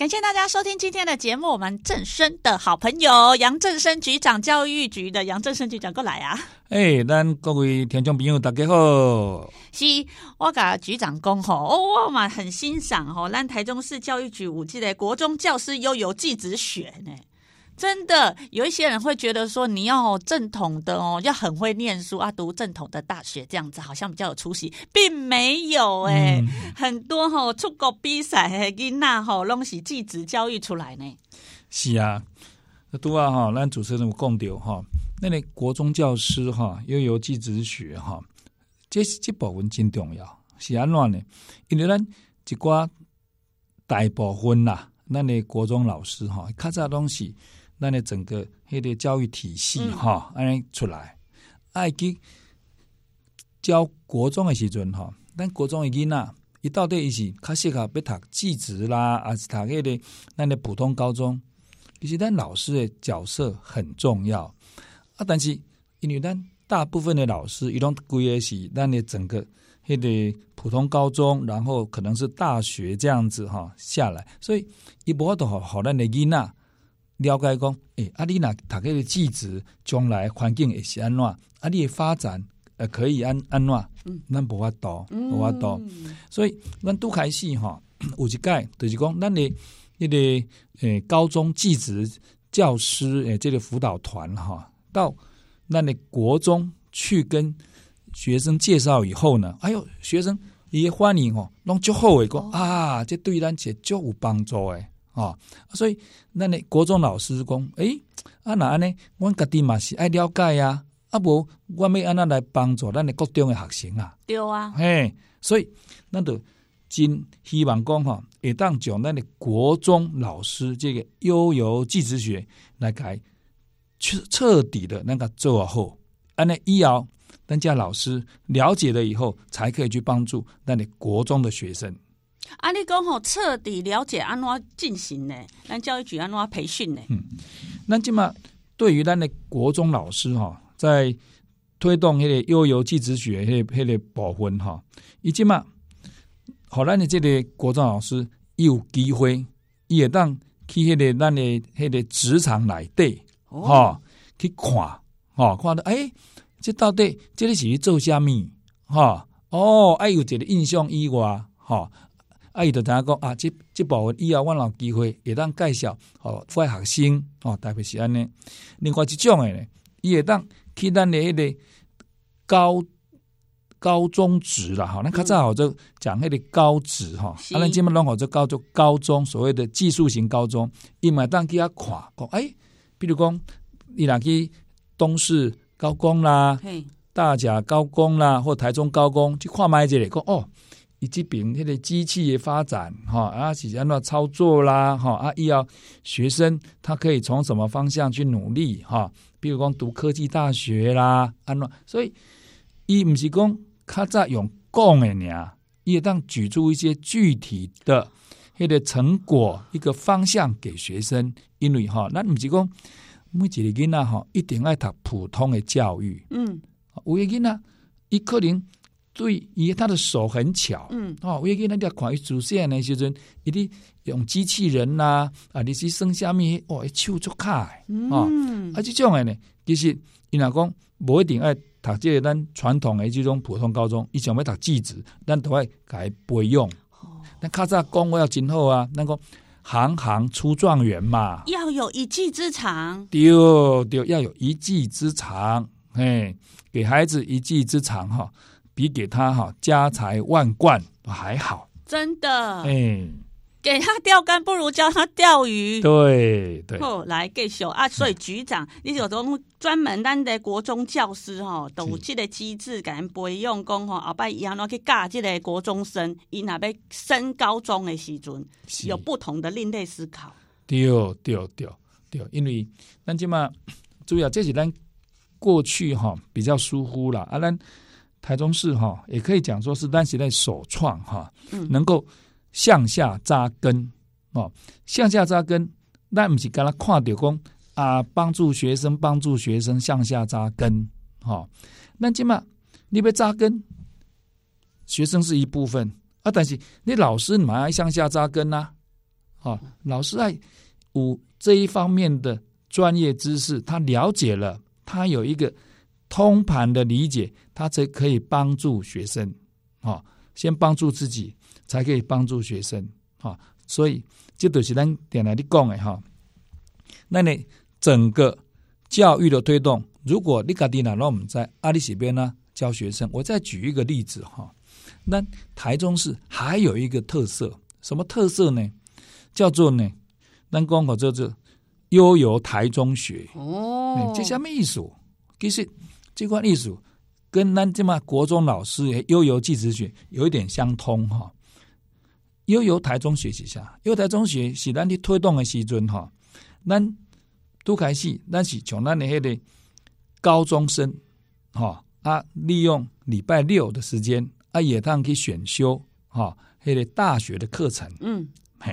感謝大家收聽今天的節目。我們正聲的好朋友楊振昇局長，教育局的楊振昇局長過來啊！哎，咱各位聽眾朋友大家好。是，我跟局長講吼、哦，我嘛很欣賞吼，咱台中市教育局五 G 的國中教師優遊技職學呢。真的有一些人會覺得說你要正統的哦，要很會念書啊，讀正統的大學這樣子好像比較有出息，並沒有誒、嗯。很多吼出國比賽的囡那吼攏是技職教育出來呢。是啊，都啊吼，咱主持人有講到吼，那你、個、國中教師哈又有技職學哈，這是這部分真重要，是安亂的。因為咱一寡大部分啦，那你國中老師吼，看這東西。那你整個迄個教育體系哈，安尼出來，愛去教國中的時陣哈、哦，咱國中的囝仔伊到底伊是較適合欲讀技職啦，還是讀迄個咱的普通高中？其實咱老師的角色很重要啊。但是因為咱大部分的老師伊攏規誒是咱的整個迄個普通高中，然後可能是大學這樣子哈、哦、下來，所以伊無法度好好咱的囡仔了解講，誒、欸，啊你，啊你若讀個的技職，將來環境會是安怎，阿你發展呃可以安安怎？咱無法度，無法度、嗯。所以咱拄開始吼，有一屆著是講，咱誒迄個誒高中技職教師誒即個輔導團吼，到咱誒國中去跟學生介紹以後呢，哎喲，學生伊誒歡迎吼攏足好誒講啊，即對咱是足有幫助誒。所以那你國中老師講，誒，阿安呢，我家啲嘛是愛了解啊，阿不，我咪安那來幫助那你國中的學生啊，對啊，嘿，所以，那就真希望講，嗬，會當將那你國中老師，即個優遊技職學來改，徹徹底的，那個做好，安那以後，等家老師了解了以後，才可以去幫助那你國中的學生。啊，你講吼、哦，徹底了解安怎進行誒，咱教育局安怎培訓誒，咱即嘛對於咱誒國中老師吼、哦，在推動迄個優遊技職學迄、那個迄、那個部分吼、哦，伊即嘛，互咱誒即個國中老師伊有機會伊會當去迄個咱誒迄個職場內底吼去看吼看到哎，即到底即個是去做蝦米吼，哦，愛、哦哦欸這個哦啊、有一個印象以外吼。哦伊著知影講啊，這這部分以後我有機會會當介紹哦，給學生哦，特別是安尼。另外一種誒，伊會當去咱迄個高高中職啦，吼、哦，咱較早吼，就講迄個高職吼、嗯，啊，咱即麥攏好就叫做高中，所謂的技術型高中，伊嘛當去遐看，講誒、哎，比如講伊若去東勢高工啦、嗯，大甲高工啦，或台中高工去看賣這個講哦。以及別個機器也發展吼，啊，是按怎操作啦吼，啊，伊要學生他可以從什麼方向去努力吼、啊，比如講讀科技大學啦，按怎，所以伊毋是講較早用講誒爾，伊會當舉出一些具體的迄個成果一個方向給學生，因為吼，咱毋是講每一個囡仔吼，一定愛讀普通的教育，嗯，有的囡仔伊可能。對於他的手很巧，嗯。哦，我記人家看於主線呢，就是一定用機器人吶、啊，啊，你是生下面哇，一敲就開，哦，嗯。啊，這種的呢，就是伊拉講不一定愛讀這咱傳統的這種普通高中，伊想要讀技職，咱都會改不會用。那考察講，我要今後啊，那個行行出狀元嘛，要有一技之長，對，對，要有一技之長，嘿，給孩子一技之長，哈、哦。你給他哈家財萬貫還好，真的嗯、欸，給他釣竿，不如教他釣魚。對對，來繼續啊！所以局長，嗯、你就講專門咱的國中教師哈，都有這個機制，不培用功哈，後擺一樣拿去教這個國中生，伊那邊升高中誒時陣，有不同的另類思考。對對對對，因為那，咱這主要啊，這是咱過去哈比較疏忽了啊，那。台中市哈、啊，也可以講說是當時在首創哈、啊，能夠向下扎根哦，向下扎根，那不是跟他跨點工啊，幫助學生，幫助學生向下扎根哈。那起碼你要扎根，學生是一部分啊，但是你老師你還要向下扎根吶、啊，啊、哦，老師愛有這一方面的專業知識，他了解了，他有一個。通盤的理解，他才可以幫助學生啊、哦。先幫助自己，才可以幫助學生啊、哦。所以，這就是咱電台你講、哦、的哈。那你整個教育的推動，如果你家的呢，讓我們在阿里西邊呢教學生，我再舉一個例子哈。那、哦、台中市還有一個特色，什麼特色呢？叫做呢，咱講個叫做“優遊臺中學”。哦，嗯、這是什麼意思？其這款藝術跟咱這嘛國中老師優遊技職學有一點相通哈、哦。優遊台中學習下，優遊臺中學是咱的推動的時陣哈，咱、哦、都開始，那是從咱那些的高中生哈、哦，啊，利用禮拜六的時間，啊，也當去選修哈、哦，那些、個、大學的課程，嗯，嘿、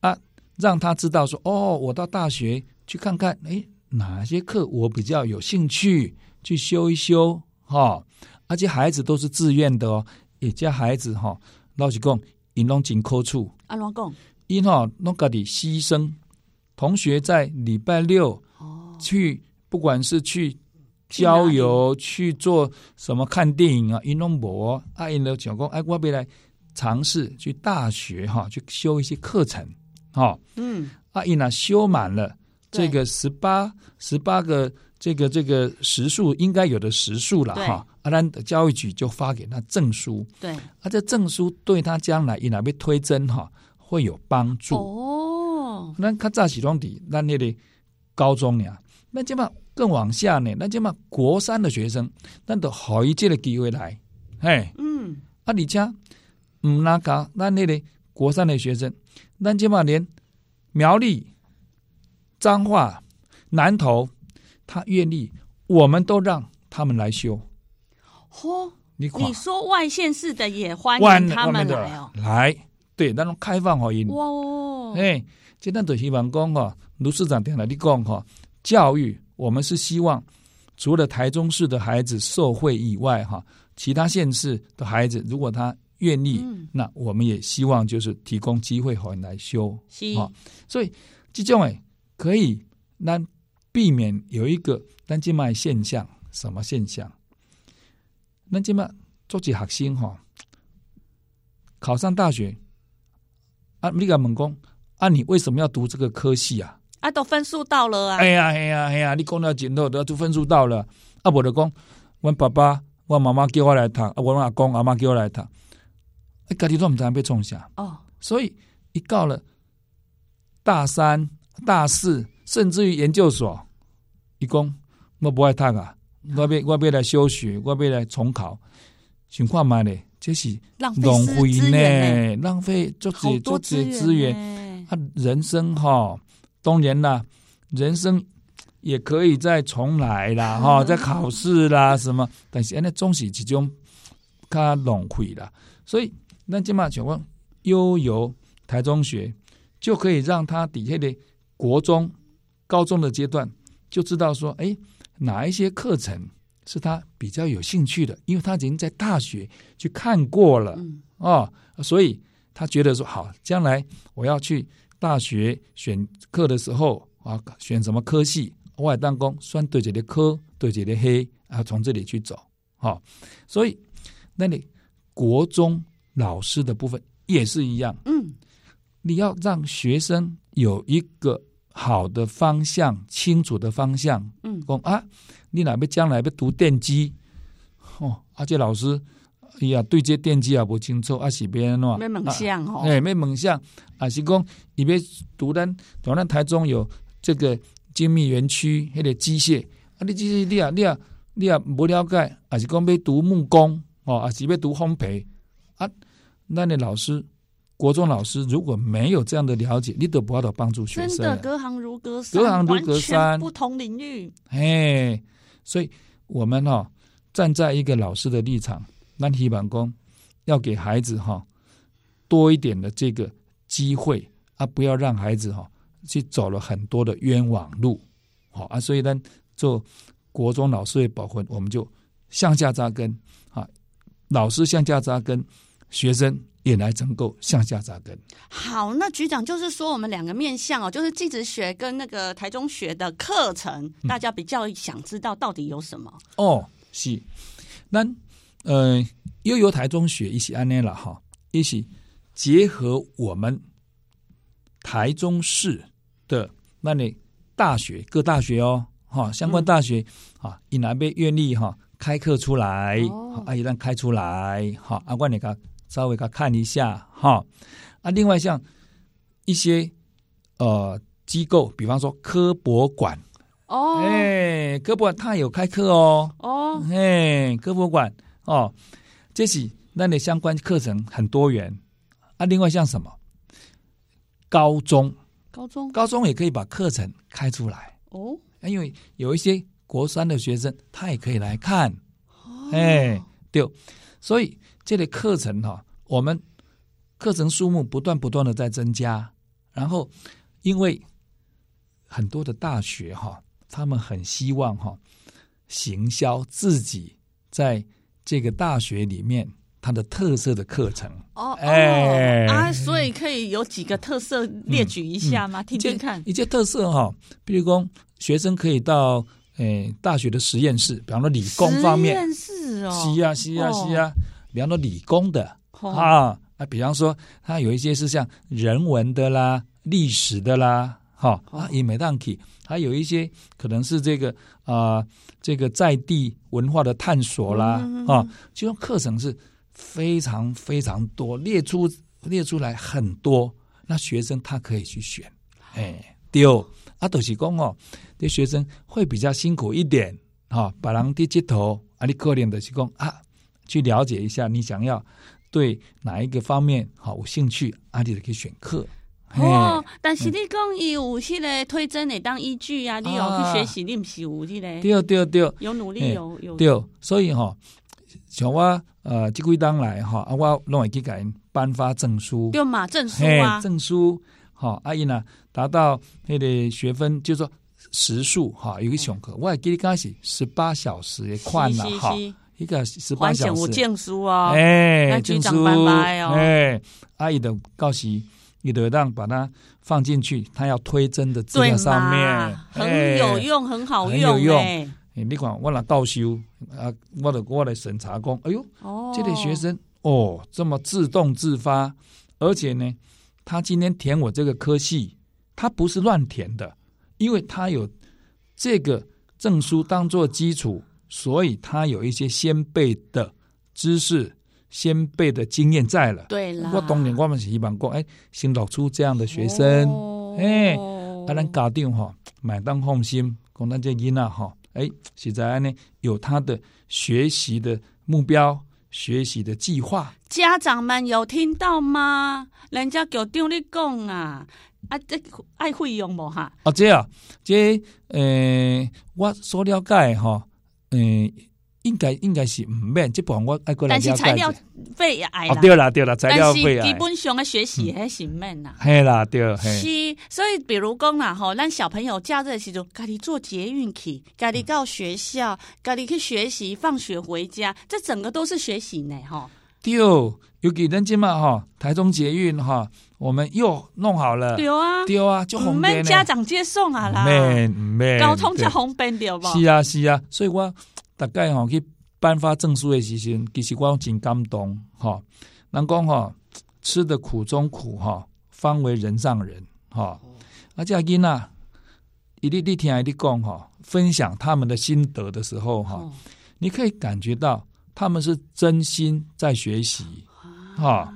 哎，啊，讓他知道說，哦，我到大學去看看，誒，哪些課我比較有興趣。去修一修，哈、哦，而、啊、且孩子都是自願的哦。一家孩子哈、哦，老實講，伊攏緊扣處，安怎講，因哈弄個的犧牲。同學在禮拜六去，哦、不管是去郊遊去，去做什麼，看電影啊，運動博。阿姨呢講過，哎，我要來嘗試去大學哈、啊，去修一些課程，哈、哦。嗯，阿姨呢修滿了這個十八十八個，這個這個時數應該有的時數了哈，啊，那教育局就發給他證書，對，啊，這證書對他將來以哪邊推甄哈會有幫助哦。那他在起裝迪，那那裡高中呀，那起碼更往下呢，那起碼國三的學生，那都好一屆的機會來，哎，嗯，啊，李家嗯，那個那那裡國三的學生，那起碼連苗栗、彰化、南投。他願意，我們都讓他們來修。嚯、哦，你說外縣市的也歡迎他們來、哦、來，對，那種開放歡迎。哇、哦，哎、欸，今天對希望講哈，盧市長聽了你講哈，教育我們是希望除了台中市的孩子受惠以外哈，其他縣市的孩子如果他願意、嗯，那我們也希望就是提供機會歡迎來修。是，哦、所以這種哎，可以那。避免有一個咱這馬的現象，什麼現象？咱這馬足濟學生吼。考上大學啊，你共伊問講，啊你，啊你為什麼要讀這個科系啊？啊，都分數到了啊！哎呀，哎呀，哎呀，你公了姐都都分數到了啊說！我就講，問爸爸，問媽媽叫我來讀啊，我阿公阿媽叫我來讀，哎、啊，家己都毋知欲創啥哦。所以一到了大三、大四。甚至於研究所，一共我不愛讀啊！我要我要來休學，我要來重考，情況嘛嘞，這是浪費資源嘞，浪費，就是就是資源。他、啊、人生哈、哦，當然啦，人生也可以再重來啦，哈、哦，在考試啦什麼，但是那終是其中他浪費了。所以那起碼情況，優游台中學就可以讓他底下的國中，高中的階段就知道說，哎，哪一些課程是他比較有興趣的？因為他已經在大學去看過了，嗯、哦，所以他覺得說好，將來我要去大學選課的時候啊，選什麼科系？我也當公算對這的科，對這的黑啊，從這裡去走。好、哦，所以那你國中老師的部分也是一樣，嗯，你要讓學生有一個。好的方向，清楚的方向，嗯，講啊，你若要將來要讀電機，哦，啊，這老師，伊啊對這電機也無清楚，啊，啊是邊喏？沒夢想吼，哎，沒夢想，阿是講伊要讀咱，咱咱台中有這個精密園區，迄個機械，啊，你只是你啊，你啊，你啊，無了解，阿是講要讀木工，哦，阿是要讀烘焙，啊，咱的老師。國中老師如果沒有這樣的了解，你都不要幫助學生。真的，隔行如隔山，隔行如隔山，不同領域。哎，所以我們哈、哦、站在一個老師的立場，那希望說要給孩子哈、哦、多一點的這個機會啊，不要讓孩子哈、哦、去走了很多的冤枉路。好、哦、啊，所以呢，做國中老師會保護，我們就向下扎根啊。老師向下扎根，學生。也來能夠向下扎根。好，那局長就是說，我們兩個面向哦，就是技職學跟那個台中學的課程，嗯，大家比較想知道到底有什麼哦？是，那呃，優遊台中學一起安內了哈，一起結合我們台中市的那裡大學各大學哦哈，相關大學啊，引，嗯，來被願意。哈，哦，開課出來，啊一旦開出來哈，阿管你個。稍微給他看一下哈，啊，另外像一些呃機構，比方說科博館哦，哎、oh. 欸，科博館它有開課哦，哦，哎，科博館哦，這是那裡相關課程很多元啊。另外像什麼高中，高中，高中也可以把課程開出來哦，oh. 因為有一些國三的學生他也可以來看，哎、oh. 欸。對，所以這類課程哈、哦，我們課程數目不斷不斷的在增加。然後，因為很多的大學哈、哦，他們很希望哈、哦，行銷自己在這個大學裡面它的特色的課程。哦，哎，哦哦、啊，所以可以有幾個特色列舉一下嗎？嗯嗯、聽聽看，一些，一些特色哈、哦，比如說學生可以到誒、哎、大學的實驗室，比方說理工方面。實驗室是啊，是啊，是啊,、oh. oh. 啊。比方說理工的啊，比方說它有一些是像人文的啦、歷史的啦，哈、啊，也沒當起；還有一些可能是這個啊、呃，這個在地文化的探索啦，oh. 啊，其中課程是非常非常多，列出列出來很多，那學生他可以去選。誒、oh. 欸，第二阿都是講哦，這學生會比較辛苦一點，哈、啊，白狼低接頭。阿里課練的是講啊，去了解一下你想要對哪一個方面好有興趣，啊？你就可以選課。哦，但是你講伊有迄個推甄的當依據啊，啊，你有去學習，你唔是有無、那個對對對，有努力有有，力有對。對，所以哈、哦，像我呃，這幾當來啊，我攏會去給伊頒發證書，對嘛證書嘛、啊，證書。哈、啊，啊，伊呢達到迄個學分，就是、說。時數哈、哦，有一個上課、嗯，我還給你講是十八小時也快了哈、哦，一個十八小時。還寫我證書、哦欸那哦書欸、啊？哎，證書。哎，阿姨的告訴你，得讓把它放進去，它要推甄的資料上面，很有用，欸、很好用、欸，很有用。欸、你講我拿倒修啊？我得我，我來審查工。哎呦，哦、這些學生哦，這麼自動自發，而且呢，他今天填我這個科系，他不是亂填的。因為他有這個證書當做基礎，所以他有一些先輩的知識、先輩的經驗在了。對了，我當年我們是般過，哎，先錄出這樣的學生，哎、哦，還能搞定吼，買單放心，講咱這個囡吶吼，哎、啊，現在呢，有他的學習的目標、學習的計劃。家長們有聽到嗎？人家校長你講啊。啊，這愛費用無哈？啊，這樣、啊，這，誒、呃，我所了解吼，誒、呃，應該應該是毋免，即部分，我愛過了解。但是材料費也愛啦。哦、對啦對啦，材料費但是基本上的學習還是毋免啦。係、嗯、啦對，對。是，所以比如講啦吼，咱小朋友假日時候，家己坐捷運去，家己到學校，家、嗯、己去學習，放學回家，這整個都是學習呢吼、哦，對，尤其咱金嘛吼，台中捷運吼。我們又弄好了，對啊對啊！就我們家長接送啊啦，交通就方便對，對，對吧？是啊是啊，所以我大概哈去頒發證書的時候，其實我真感動哈。人講哈吃的苦中苦哈、哦，方為人上人哈。而且因吶，一粒粒天愛的共哈，分享他們的心得的時候哈、哦，你可以感覺到他們是真心在學習哈、哦哦啊。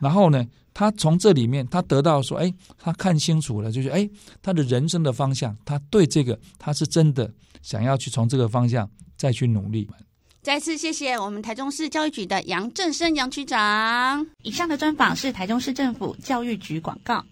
然後呢？他從這裡面，他得到說，哎，他看清楚了，就是哎，他的人生的方向，他對這個，他是真的想要去從這個方向再去努力。再次謝謝我們台中市教育局的楊振昇楊局長。以上的專訪是台中市政府教育局廣告。